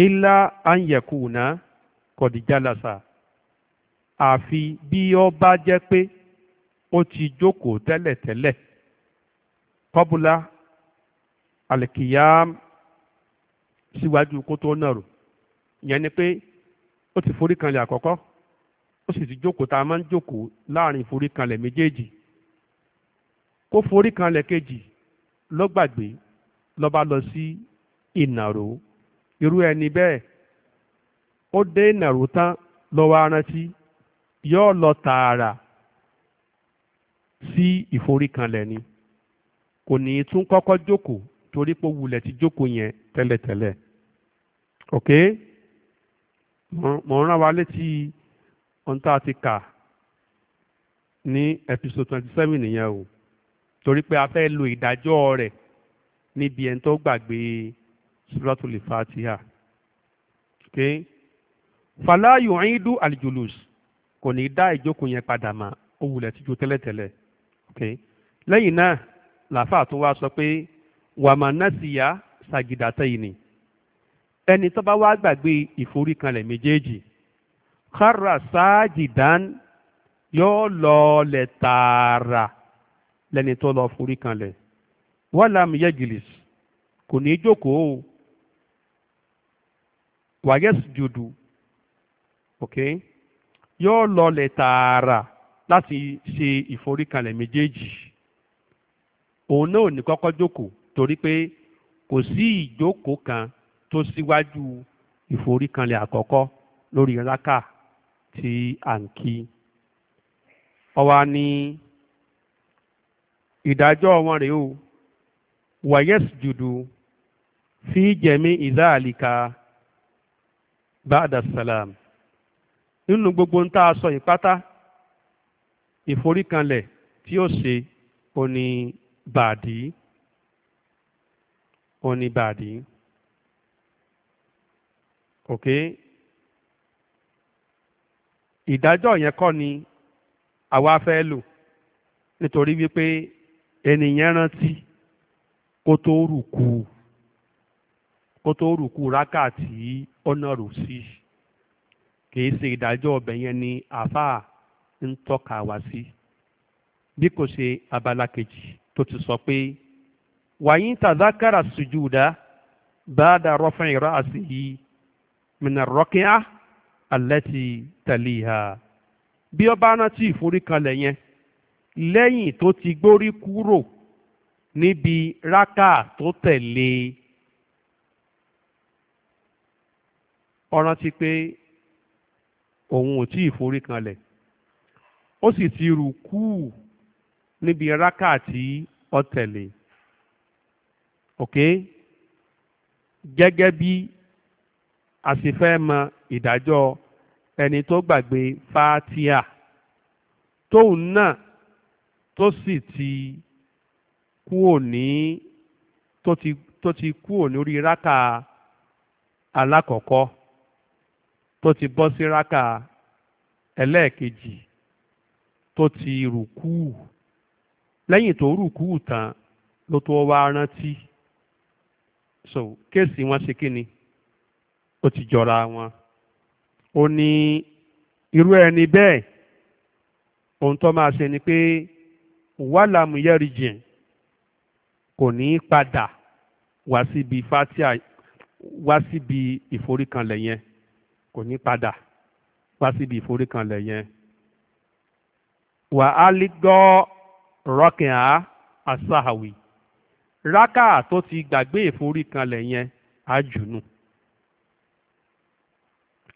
ilá anyẹ̀kùnà kọ̀dìjálàsà àfi bí ó bá jẹ́ pé ó ti jókòó tẹ́lẹ̀tẹ́lẹ̀ kọ́bùlá alikiyam síwájú kó tó nàró ìyẹn ni pé ó ti forí kanlẹ̀ àkọ́kọ́ ó sì ti jókòó tá a máa ń jókòó láàrin forí kanlẹ̀ méjèèjì kó forí kanlẹ̀ kejì ló gbàgbé lọ sí ìnàró irú ẹni bẹ́ẹ̀ ó dé ìnàró tán lọ́wọ́ arántí yóò lọ tààrà sí ìforíkanlẹ̀ ni kò ní tún kọ́kọ́ jókòó torí pé wulẹ̀ ti jókòó yẹn tẹ́lẹ̀tẹ́lẹ̀ ok mo rán wa létí ohun tá a ti kà ní episode twenty seven nìyẹn o torí pé a fẹ́ lo ìdájọ́ rẹ̀ níbi ẹni tó gbàgbé suratul fatiha okay fàlà yu'idu aljulus kò ní dá ìjókòó yẹn padà mà ó wulẹ̀ ti jó tẹ́lẹ̀tẹ́lẹ̀ okay lẹ́yìn náà làáfàá tó wá sọ pé wàmà nasiya sagidatayni ẹni tó bá wá gbàgbé ìforíkanlẹ̀ méjèèjì kára sáàjìdán yóò lọ lẹ̀ tààrà lẹ́ni tó lọ foríkanlẹ̀ wàlámù yẹ́gìlìs kò ní jókòó wàyẹ́sì jòdù okay yóò lọlẹ̀ tààrà láti ṣe ìforíkanlẹ̀ méjèèjì òun náà ò ní kọ́kọ́ jókòó torí pé kò sí ìjókòó kan tó síwájú ìforíkanlẹ̀ àkọ́kọ́ lórí rákà tí à ń kí ọwa ní ìdájọ́ wọn rèé o wàyẹ́sì jòdù fi jẹ̀mí ìzáàlìkà ba'da salam nínú gbogbo ń tá a sọ ìpátá ìforíkanlẹ̀ tí ó ṣe òní bàdí òní bàdí ok ìdájọ́ yẹn kọ́ ni àwa fẹ́ lò nítorí wípé ẹnìyẹn rántí kó tó rùkú kó tó rùkú rákà tí ọ̀nà rù sí kìí ṣe ìdájọ́ ọbẹ̀ yẹn ni àáfàá ń tọ́ka wá sí bí kò ṣe abala kejì tó ti sọ pé wàyí ń tàdákàrà sùjúdà ba'da raf'i ra'sihi min ar-raki'a allati taliha bí ọba rántí ìforíkanlẹ̀ yẹn lẹ́yìn tó ti gbórí kúrò níbi rákà tó tẹ̀lé e. ó rántí pé òun ò tí ì forí kanlẹ̀ ó sì ti rùkú níbi rákà tí ok gẹ́gẹ́ bí a sì fẹ́ mọ ìdájọ́ ẹni tó gbàgbé fatia tóun náà tó sì ti kúò ní tó ti kúò ní orí rákà alákọ̀ọ́kọ́ tó ti bọ́ sí rákà ẹlẹ́ẹ̀kejì tó ti rùkúù lẹ́yìn tó rùkúù tán ló tó wá rántí so kéèsì wọn ṣe kí ni ó ti jọra wọn ó ní irú ẹni bẹ́ẹ̀ ohun tó máa ṣe ni pé wàlámù yẹ́rì kò ní padà wá síbi fatia wá síbi ìforíkanlẹ̀ yẹn kò ní padà wá síbi ìforíkanlẹ̀ yẹn wà á lè gbọ́ rọ́kìn á asáhàwì rákà tó ti gbàgbé ìforíkanlẹ̀ yẹn á jùnú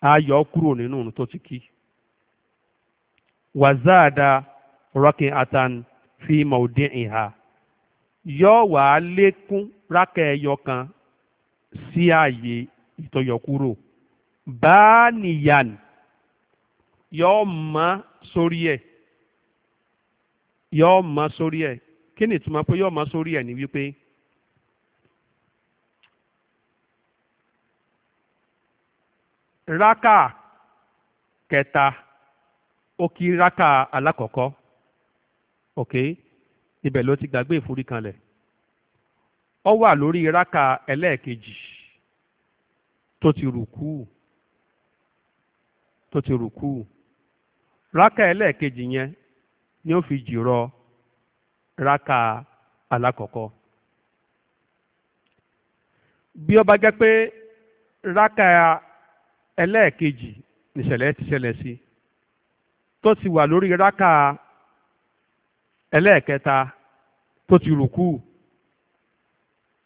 á yọ kúrò nínú òun tó ti kí wà wàzáàdà rọ́kìn atan fi mọ̀ọ́dín ìhà yọ wà á lékún rákà ẹyọ kan sí ààyè ìtọ́yọkúrò. bá báníyàn yóò mọ́ sórí ẹ yóò mọ́ sórí ẹ kí ni ìtumọ̀ pé yóò mọ́ sórí ẹ ní wípé rákà kẹta ó kí rákà alákọ̀ọ́kọ́ ok ibẹ̀ ló ti gbàgbé ìforíkanlẹ̀ ọ wà lórí rákà ẹlẹ́ẹ̀kejì tó ti rùkú tó ti rùkú rákà ẹlẹ́ẹ̀kejì yẹn ni ó fi jìrọ rákà alákọ̀ọ́kọ́ bí ó bá jẹ́ pé rákà ẹlẹ́ẹ̀kejì nìṣẹ̀lẹ̀ ti ṣẹlẹ̀ sí tó ti wà lórí rákà ẹlẹ́ẹ̀kẹta tó ti rùkú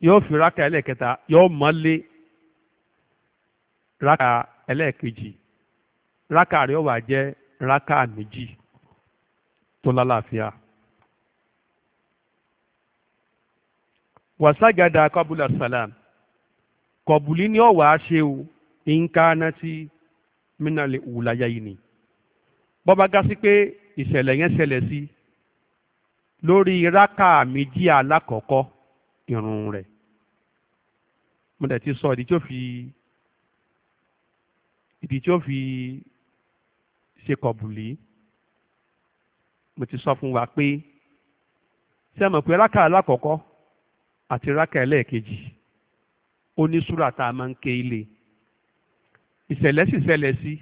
yóò fi rákà ẹlẹ́ẹ̀kẹta yóò mọ́lé rákà ẹlẹ́ẹ̀kejì rákà rẹ̀ ó wá jẹ́ rákà méjì tó lálàáfíà. wàságàdà kọbùlà sàlám kọbùlì ni ó wá ṣe o ìǹkanátì mínàlè wùláyà yìí ni bọ́bá gá sí pé ìṣẹ̀lẹ̀ yẹn ṣẹlẹ̀ sí lórí rákà méjì alákọ̀ọ́kọ́ irun rẹ̀ mo dẹ̀ ti sọ ìdí tí ó fi ìdí tí ó fi ṣe kọ̀bùlì mo ti sọ fún wa pé ṣé ẹ mọ̀ pé rákà alákọ̀ọ́kọ́ àti rákà ẹlẹ́ẹ̀kejì ó ní súrà tá a máa ń ké ilé ìṣẹ̀lẹ̀ sì ṣẹlẹ̀ sí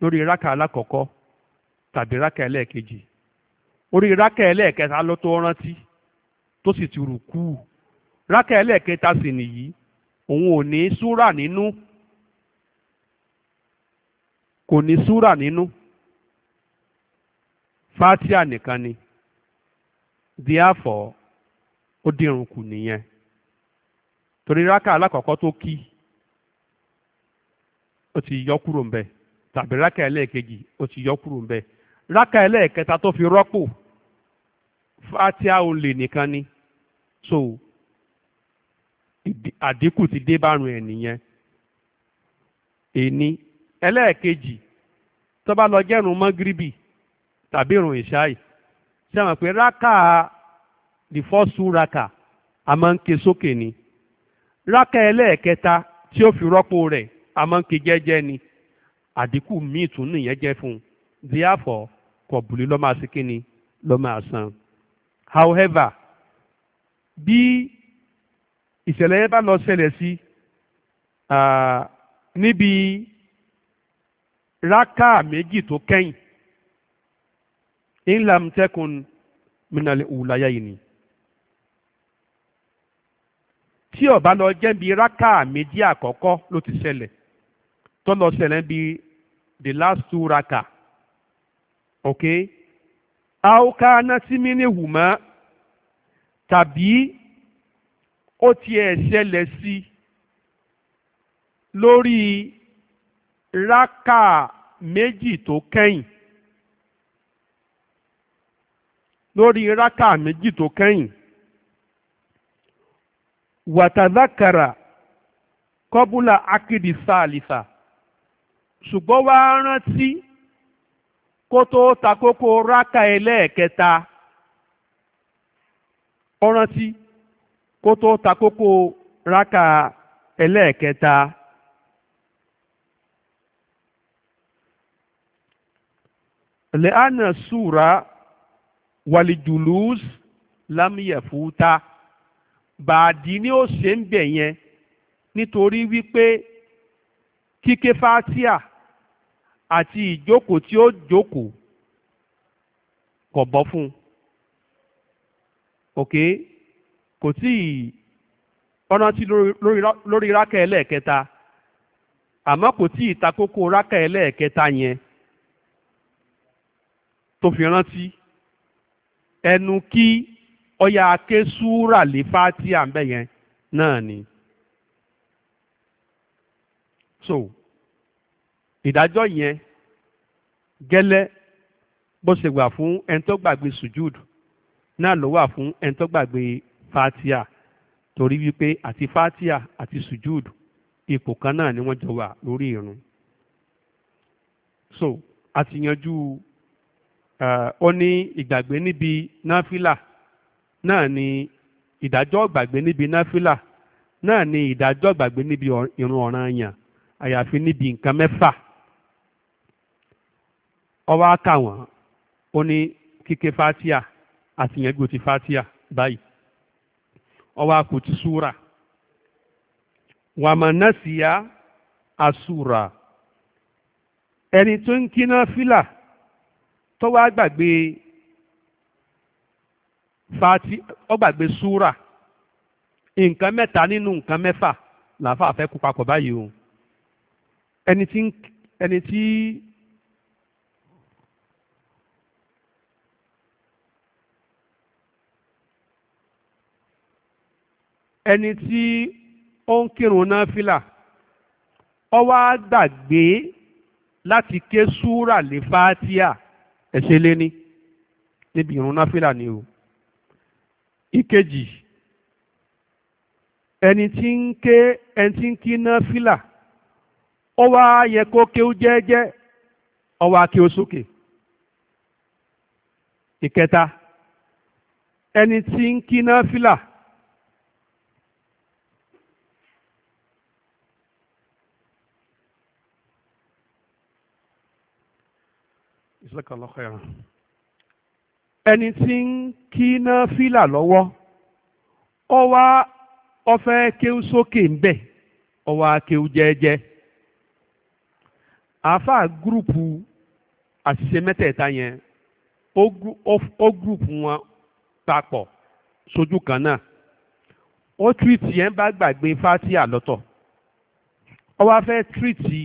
lórí rákà alákọ̀ọ́kọ́ tàbí rákà ẹlẹ́ẹ̀kejì orí rákà ẹlẹ́ẹ̀kẹta ló tó rántí tó sì ti rùkú rákà ẹlẹ́ẹ̀kẹta sì nìyí òun ò ní súrà nínú kò ní súrà nínú. fatia nìkan ni therefore ó dìrun kù nìyẹn torí rákà alákọ̀ọ́kọ́ tó kí ó ti yọ kúrò ńbẹ̀ tàbí rákà ẹlẹ́ẹ̀kejì ó ti yọ kúrò raka rákà ẹlẹ́ẹ̀kẹta tó fi rọ́pò fatia olè nìkan ni so àdínkù ti dé bárun ẹ̀ nìyẹn èní ẹlẹ́ẹ̀kejì tó bá lọ jẹ́rùn mọ́gíríbì tàbí ìrùn ìṣáì ṣe mọ̀ pé rákà the first two rákà a máa ń ké sókè ni rákà ẹlẹ́ẹ̀kẹta tí ó fi rọ́pò rẹ̀ a máa ń ké jẹ́jẹ́ ni àdínkù míì tún nìyẹn jẹ́ fún un therefore kọ̀bùlì lọ́ máa ṣe kí however bí ìṣẹ̀lẹ̀ yẹn bá lọ ṣẹlẹ̀ sí níbi rákà méjì tó kẹ́yìn in lam takun min al-ulayaini tí ó bá lọ jẹ́ bí rákà méjì àkọ́kọ́ ló ti ṣẹlẹ̀ tó lọ ṣẹlẹ̀ bí the last two raka ok aoka nasimini huma tàbí ó tiẹ̀ ṣẹlẹ̀ si. Lori raka méjì tó kẹ́yìn lórí rákà méjì tó kẹ́yìn wàtàdákàrà kọ́búlà akidi sáàlìsà ṣùgbọ́n wá rántí kó tó ta kókó rákà ẹlẹ́ẹ̀kẹta ó rántí kó tó ta rákà ẹlẹ́ẹ̀kẹta. lẹ́ánà súra wàlìjùlùs lámìyẹ̀fúta bàdí ni ó ṣe ń bẹ̀ yẹn nítorí wípé kíké fatia àti ìjókòó tí ó jókòó kò bọ́ fún un òkè kò tí ì ọ̀nà tí lórí rákà ẹlẹ́ẹ̀kẹta àmọ́ kò tí ì ta kókó rákà yẹn tó fi rántí. ẹnu kí oya ké súúrà lé fátíà ńbẹ yẹn náà ni. so ìdájọ́ yẹn gẹ́lẹ́ bó ṣe wà fún ẹni tó gbàgbé sujud náà ló wà fún ẹni tó gbàgbé fátíà torí wípé àti fatia àti sujud ipò kan náà ni wọ́n jọ wà lórí irun. so àti ó ní ìgbàgbé níbi náfìlà náà ni ìdájọ́ ìgbàgbé níbi náfìlà náà ni ìdájọ́ ìgbàgbé níbi irun ọ̀ranyàn àyàfi níbi nǹkan mẹ́fà ọwọ́ àkà wọ́n ó ní kíké fatia àtìyẹ́gbò ti fatia báyìí ọwọ́ àkù ti súra wàmánásíyá àsúra ẹni tó ń kí náfìlà. tó wá gbàgbé fati ó gbàgbé súrà nǹkan mẹ́ta nínú nǹkan mẹ́fà làáfà fẹ́ kú papọ̀ báyìí o ẹni tí ẹni tí ẹni tí ó ń kírun náà fìlà wá gbàgbé láti ké súrà fatia. ẹ̀ṣẹ̀ lé ní níbi ìrun náfìlà ni o ìkejì ẹni tí ń ké ẹni tí ń kí náfìlà ó wá yẹ kó ké ó jẹ́ẹ́jẹ́ ó wá ké ó sókè ìkẹta ẹni tí ń kí náfìlà. Jazakallahu khairan. ẹni tí ń kí náà fílà lọ́wọ́ ọ wá ọ fẹ́ kéwú sókè ń bẹ̀ ọ wá kéwú jẹ́ẹ́jẹ́ àáfàá gúrùpù àṣìṣe mẹ́tẹ̀ẹ̀ta yẹn ó gúrùpù wọn papọ̀ sójú kan náà ó túwìtì yẹn bá gbàgbé fátíà lọ́tọ̀ ó wá fẹ́ túwìtì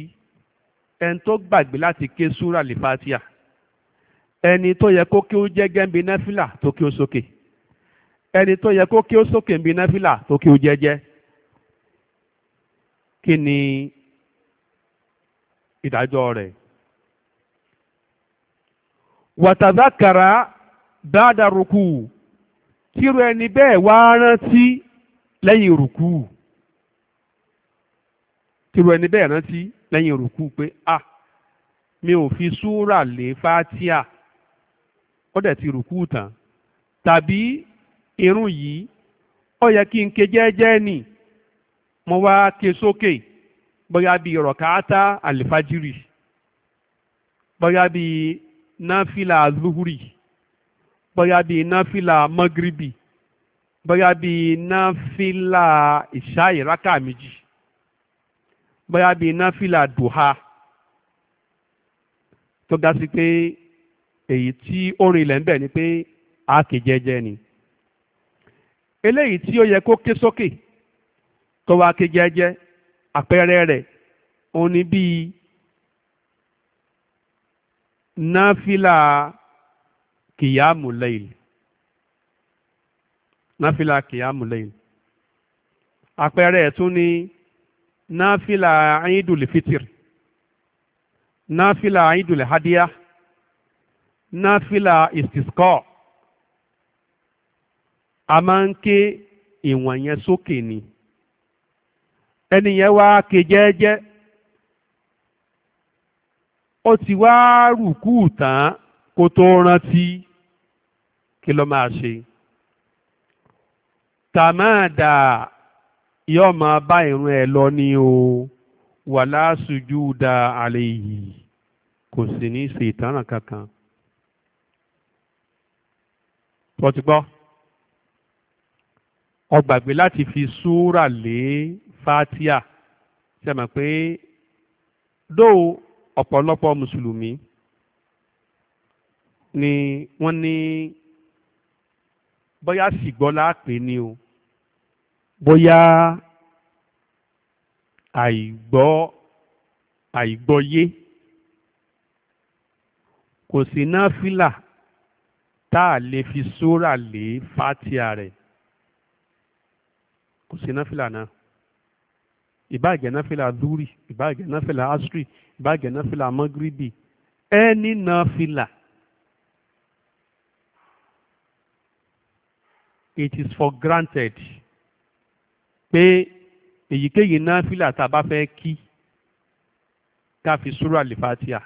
ẹni tó gbàgbé láti ké súrà lè fátíà ẹni tó yẹ kó kí ó jẹ́jẹ́ ń bi náfìlà tó kí ó sókè ẹni tó yẹ kó kí ó sókè ń bi náfìlà tó kí ó jẹ́jẹ́ kí ni ìdájọ́ rẹ̀. wàtàzákàrà báàdà rúkú tírú ẹni bẹ́ẹ̀ wá rántí lẹ́yìn rúkú tírú ẹni bẹ́ẹ̀ rántí lẹ́yìn rúkú pé ah mi ò fi súrà lé fátíà ó dẹ̀ ti rùkú tán tàbí irun yìí ó yẹ kí n ké jẹ́ẹ́jẹ́ nì mo wá ké sókè bóyá bí rọ̀káátá àlìfájírì bóyá bí náfìlà zuhuri bóyá bí náfìlà mọ́gíríbì bóyá bí náfìlà ìṣáì rákà méjì bóyá bí náfìlà dùhà tó ga sí pé èyí tí ó rinlẹ̀ ń bẹ̀ ni pé a kì jẹ́jẹ́ ni eléyìí tí ó yẹ kó ké sókè tó wá ké jẹ́jẹ́ àpẹẹrẹ rẹ̀ òun ni bíi náfìlà kìyàmù lẹ́yìn náfìlà kìyàmù lẹ́yìn àpẹẹrẹ ẹ̀ ni náfìlà ayídùlì fitir náfìlà ayídùlì hadíyà. na fila istiskọ a ma nke ịwọnyen soke ni eniyanwakejeje o ti wa tan ko to ran ti kiloma a se ta maada yọ ma ba irun ẹ lọ ni o wa laasi ju da ala yi ko si ni isi ita pọ̀tí gbọ́ ó gbàgbé láti fi súrà lé fatia ṣe mọ̀ pé dó ọ̀pọ̀lọpọ̀ mùsùlùmí ni wọ́n ní bóyá ṣìgbọ́lá pè ní o bóyá àìgbọ́ àìgbọ́yé kò sí náà fìlà tá a lè fi sóra lé fátíà rẹ̀ kò sí náfìlà náà ìbáàjẹ́ náfìlà dúrì ìbáàjẹ́ náfìlà asri ìbáàjẹ́ náfìlà mọ́gíríbì ẹni náfìlà it is for granted pé èyíkéyìí náfìlà tá a bá fẹ́ kí ká fi súrà lè fàtíà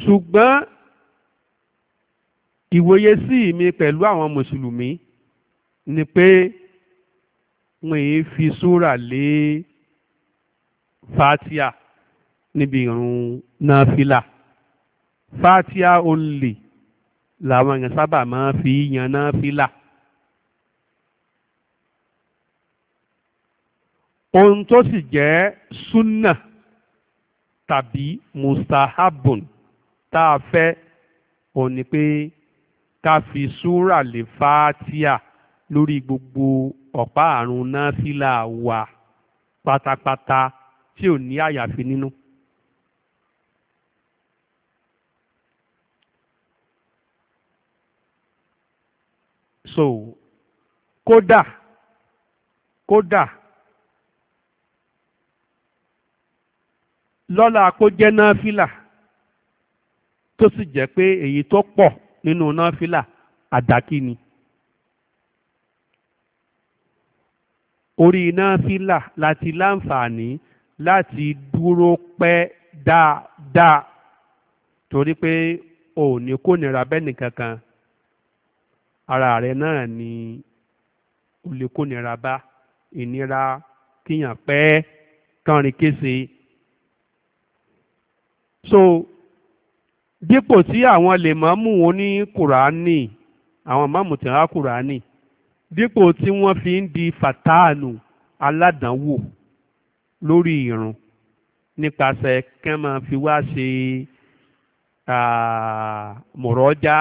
ṣùgbọ́n ìwòye sí mi pẹ̀lú àwọn mùsùlùmí ni pé wọ́n èé fi súrà lé fatia níbi ìrun náfìlà fatia only làwọn èèyàn sábà máa fi yan náfìlà. ohun tó sì jẹ́ súnà tàbí mustahabun tá a fẹ́ òun pé ká fi súrà lè fàtíà lórí gbogbo ọ̀pá àrùn náfìlà wa pátápátá tí ò ní àyàfi nínú. so kódà kódà lọ́la kó jẹ́ náfìlà tó sì jẹ́ pé èyí tó pọ̀ nínú náfìlà àdákì ni orí náfìlà láti láǹfààní láti dúró pẹ́ dáadáa torí pé o ò ní kó nira bẹ́ẹ̀ni kankan ara rẹ náà ni o lè nira bá ìnira kíyàn pẹ́ kánrin kése so dípò tí àwọn lèmọ́mù oní kùránì àwọn mọ́mù tí wọ́n á kùránì dípò tí wọ́n fi ń di fàtáànù aládàánwò lórí ìrun nípasẹ̀ kí wọ́n máa fi wá ṣe mọ̀rọ́jà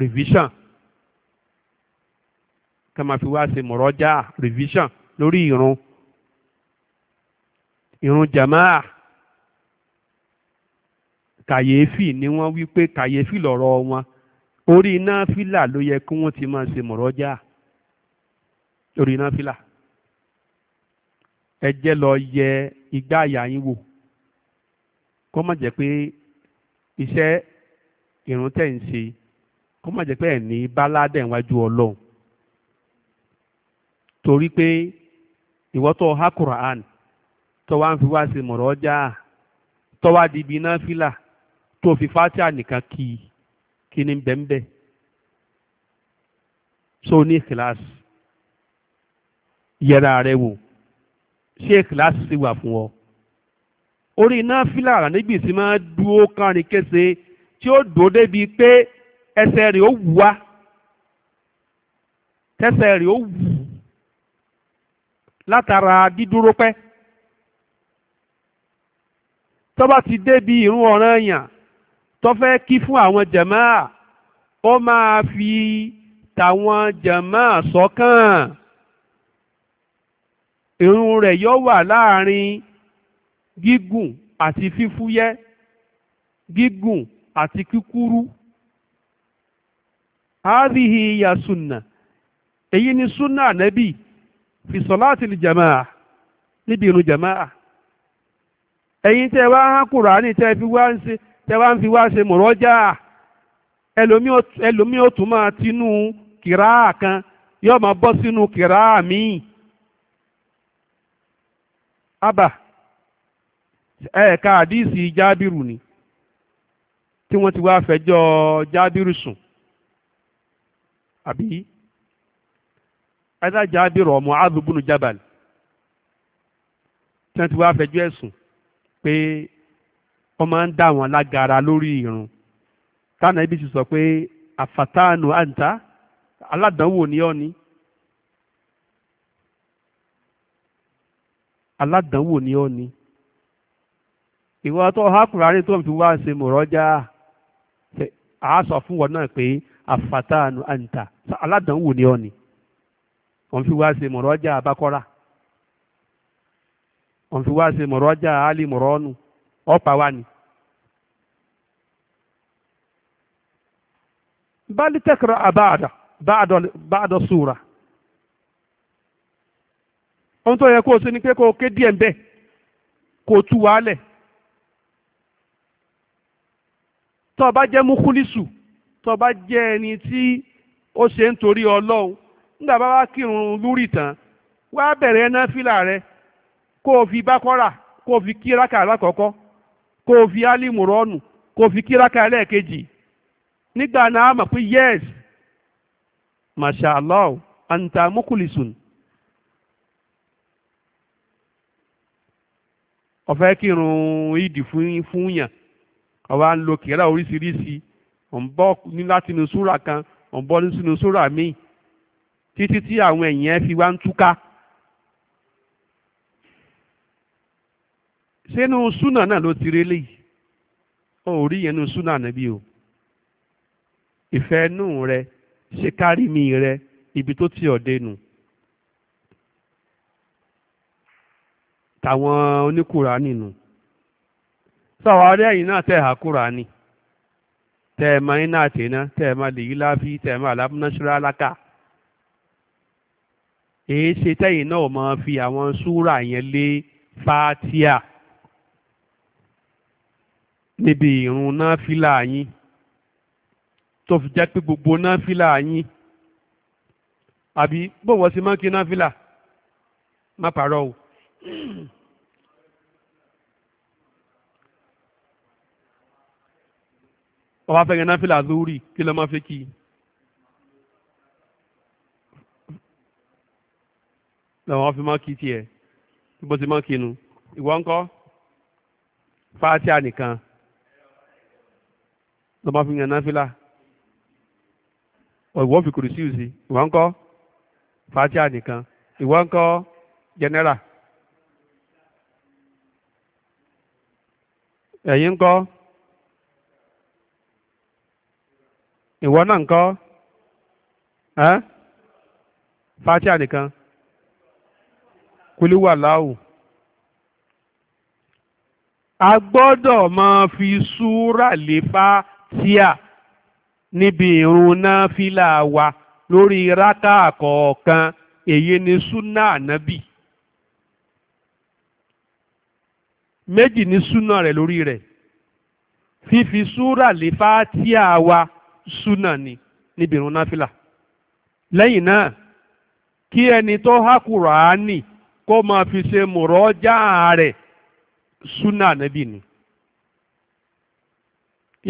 revision kí wọ́n máa fi wá ṣe mọ̀rọ́jà revision lórí ìrun ìrun jamaa kàyéfì ni wọ́n wí pé kàyéfì lọ̀rọ̀ wọn orí náfìlà ló yẹ kí wọ́n ti máa ṣe mọ̀rọ́jà orí náfìlà ẹ jẹ́ lọ yẹ igbá àyà yín wò kó má jẹ́ pé iṣẹ́ ìrun tẹ̀ ń ṣe kó má jẹ́ pé ẹ̀ ní báládẹ̀ níwájú ọlọ́run torí pé ìwọ́tọ̀ ha Quran tó wá ń fi wá sí mọ̀rọ́jà tó di ibi náfìlà tó fi fatia nìkan kì í kí ni bẹ́ẹ̀nbẹ́ẹ́ so ní kíláàsì yẹra rẹ wò ṣé kíláàsì sì wà fún ọ orí iná fílàrà nígbì tí máa dúró kánrin kése tí ó dúró débi pé ẹsẹ̀ rẹ̀ ó wù wá tẹsẹ̀ rẹ̀ ó wù látara dídúró pẹ́ tó ti débi ìrun ọ̀ranyàn tó fẹ́ kí fún àwọn jàmáà ó máa fi tàwọn jàmáà sọ́kàn irun rẹ̀ yóò wà láàrin gígùn àti fífúyẹ́ gígùn àti kíkúrú hádìhì ya sunna èyí ni sunna ànábì fi sọláàtì lè jàmáà níbi irun jàmáà ẹ̀yin tẹ́ wá hán Kùránì tẹ́ fi wá ń ṣe tẹ́wá ń fi wá ṣe mọ̀rọ́jà ẹlòmí ò tún máa tinú kìráà kan yóò máa bọ́ sínú kìráà míì abà ẹ̀ẹ̀ka àdíìsì jábìrù ni tí wọ́n ti wá fẹjọ́ jábìrù sùn àbí ẹ̀dá jábìrù ọmọ adùbùnú jábàlì tí wọ́n ti wá fẹjọ́ ẹ̀sùn pé wọ́n máa ń dà wọ́n lágara lórí irun tánà ibi ti sọ pé àfàtánù àǹtá aládàánwò ni ọ́ ni aládàánwò ni ọ́ ni ìwọ tó hákùnrin tó ń fi wá ṣe mọ̀rọ́jà àá sọ fún wọn náà pé àfàtánù àǹtà aládàánwò ni ọ́ ni wọ́n fi wá ṣe mọ̀rọ́jà abakọ́ra wọ́n fi wá ṣe mọ̀rọ́jà alì ọ̀pá wa ni. bali tẹ́kọ̀rọ̀ àbáàdà báàdọ̀ sùúrà ohun tó yẹ kó o ṣe ni pé kó o ké díẹ̀ ń bẹ̀ kó o tú wàálẹ̀ tó o bá jẹ́ múkúlísù tó bá jẹ́ ẹni tí ó ṣe ń torí ọlọ́run nígbà bá wá kírun lórí tán wá bẹ̀rẹ̀ rẹ kó o fi kó o fi kí kó o fi alimurọ́nù kó o fi kíráka ẹlẹ́ẹ̀kejì nígbà náà mọ̀ pé yes mashallah, anta mukulisun ọ̀fẹ́ kírun ìdì fún fún yàn ọba ń lo kíra oríṣiríṣi ò ń bọ́ ní láti inú súrà kan ò ń bọ́ sínú súrà míì títí tí àwọn èèyàn fi wá ń túká. sínú súnà náà ló ti relé yìí ó rí yẹn nu súnà níbí o ìfẹ́ nù rẹ ṣe kárí mi rẹ ibi tó ti ọ̀dẹ nù. tàwọn oníkùránì nù sọ̀wárí ẹ̀yìn náà tẹ̀ ha kùránì tẹ̀ ẹ̀ máa iná àtẹ̀ná tẹ̀ ẹ̀ máa lèyí láfi tẹ̀ ẹ̀ máa lábúnáṣúra aláka èé ṣe tẹ̀yìn náà máa fi àwọn súrà yẹn lé fátíà níbi ìrun náfìlà yín tó fi jẹ́ pé gbogbo náfìlà yín àbí bọ́wọ́ sí máa ń kí náfìlà má parọ́ o. ọba fẹ́ yẹn náfìlà lórí kí ló máa fẹ́ kí i. làwọn fi máa kí tiẹ̀ bó ti máa kí nu ìwọ ńkọ́ fátíà nìkan ló bá fi yan náfìlà ìwọ fi kùrù síù sí ìwọ ń kọ́ fatia nìkan ìwọ ń kọ́ jẹnẹ́rà ẹ̀yin ń kọ́ ìwọ náà ń kọ́ ẹ́ fatia nìkan kúlíwà láwù a gbọ́dọ̀ máa fi súrà lè fa. fatia níbi ìrun náfìlà wa lórí rákà kọ̀ọ̀kan èyí ni súnà ànábì méjì ni súnà rẹ̀ lórí rẹ̀ fífi súrà lé fatia wa súnà ni níbi ìrun náfìlà lẹ́yìn náà kí ẹni tó há kùránì kó máa fi ṣe mọ̀rọ́jà rẹ̀ súnà ànábì ni.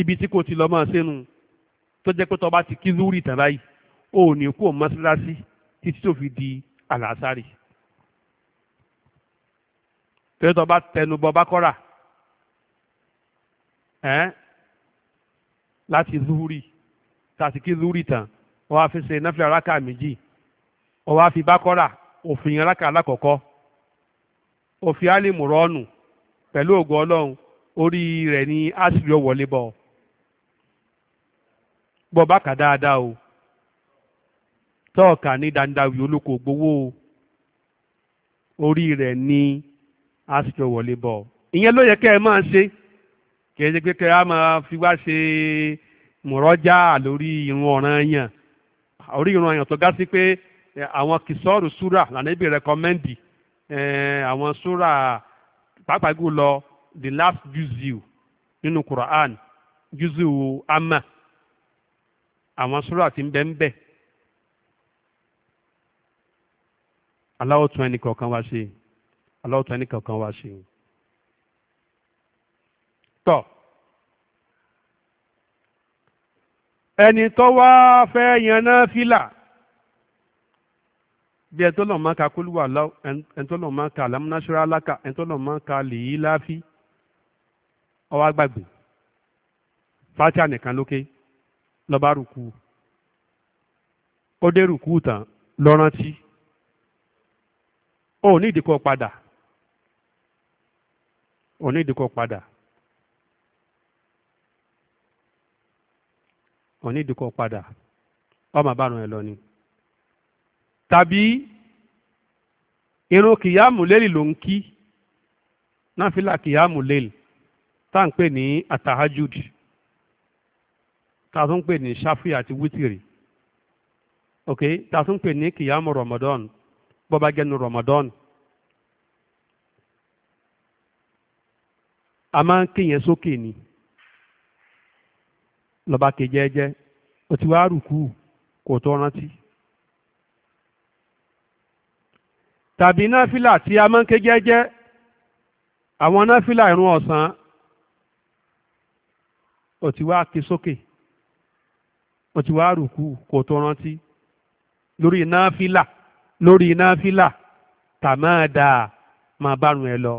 ibi tí kò ti lọ máa sẹ́nu tó jẹ́ pé tọba ti kí lórí ìtàn báyìí ó ní kó mọ́ṣáláṣí títí tó fi di àlàásárì tó tọba tẹnubọ bákọ́rà ẹ́n láti lórí tàti kí lórí ìtàn wọ́n á fi ṣe náfìlà rákà méjì wọ́n á fi bákọ́rà òfin rákà alákọ̀ọ́kọ́ òfin álìmùrọ́ọ̀nù pẹ̀lú ògo ọlọ́run orí rẹ̀ ni á sì yọ wọlé bọ̀ bọ́ bá kà dáadáa o tọ́ọ̀kà ní dandawi olóko gbowó orí rẹ̀ ní àsìkò wọlé bọ̀ ìyẹn ló yẹ kẹ́ ẹ máa ṣe kìí ṣe pé kẹ́ ẹ máa fi wá ṣe mọ̀rọ́jà lórí irun ọ̀ràn yàn orí irun ọ̀ràn yàn tó ga sí pé àwọn kìsọ́ọ̀rù súrà lànàbí rẹ̀kọ́mẹ́ndì àwọn súrà pàápàá jùlọ the last juzil nínú Quran juzil amma àwọn súrà tí ń bẹ ń bẹ aláwọ̀ tún ẹnì kọ̀ọ̀kan wá ṣe aláwọ̀ tún ẹnì kọ̀ọ̀kan wá ṣe. tọ́ ẹni tó wá fẹ́ yan náà fìlà bí ẹni tó lọ́ọ́ máa ka kólúwà láwù ẹni tó lọ́ọ́ máa ka alámúnáṣọ́rọ́ aláka ẹni tó lọ́ọ́ máa ka lèyí láfi ọwọ́ àgbàgbé fátíà nìkan lókè. Okay? lọ́ba rùkú ó dé rùkú tán lọ́rántí ó ní ìdíkọ̀ padà ó ní ìdíkọ̀ padà ó ní ìdíkọ̀ padà ọmọ àbárùn ẹ̀ lọ ni tàbí irun kìyàmù lélì ló ń kí náà fi là kìyàmù lélì tá à ń pè ní àtàhájúdì ta tún pè ní ṣáfì àti wítìrì ok ta tún pè ní kìyàmù Ramadan bọ́ba gẹnu Ramadan a máa ń kéèyàn sókè ni lọ́ba kejẹ́jẹ́ o ti wá rùkú kò tó rántí. tàbí náfìlà tí a máa ń ké jẹ́jẹ́ àwọn náfìlà ìrun ọ̀sán ò ti wá ké sókè ó ti wá rùkú kò tó rántí lórí náfìlà lórí náfìlà tàmáàdà máa bá rùn ẹ lọ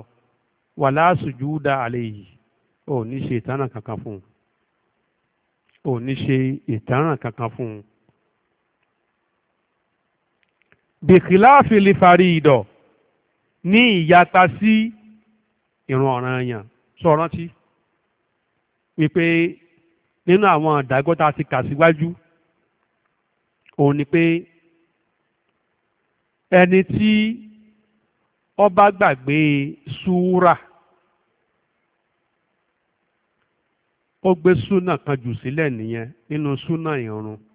wàlá sùjúdà àlè yìí ò ní ṣe ìtànà kankan fún un ò ní ṣe ìtànà kankan fún un. bìkìláàfin lè farí ìdọ̀ ní ìyàtà sí ìran ọ̀ràn yàn sọ rántí wípé nínú àwọn ìdágọ́ tá ti kà síwájú òun ni pé ẹni tí ọ bá gbàgbé súúrà ó gbé súnà kan jù sílẹ̀ nìyẹn nínú súnà ìrun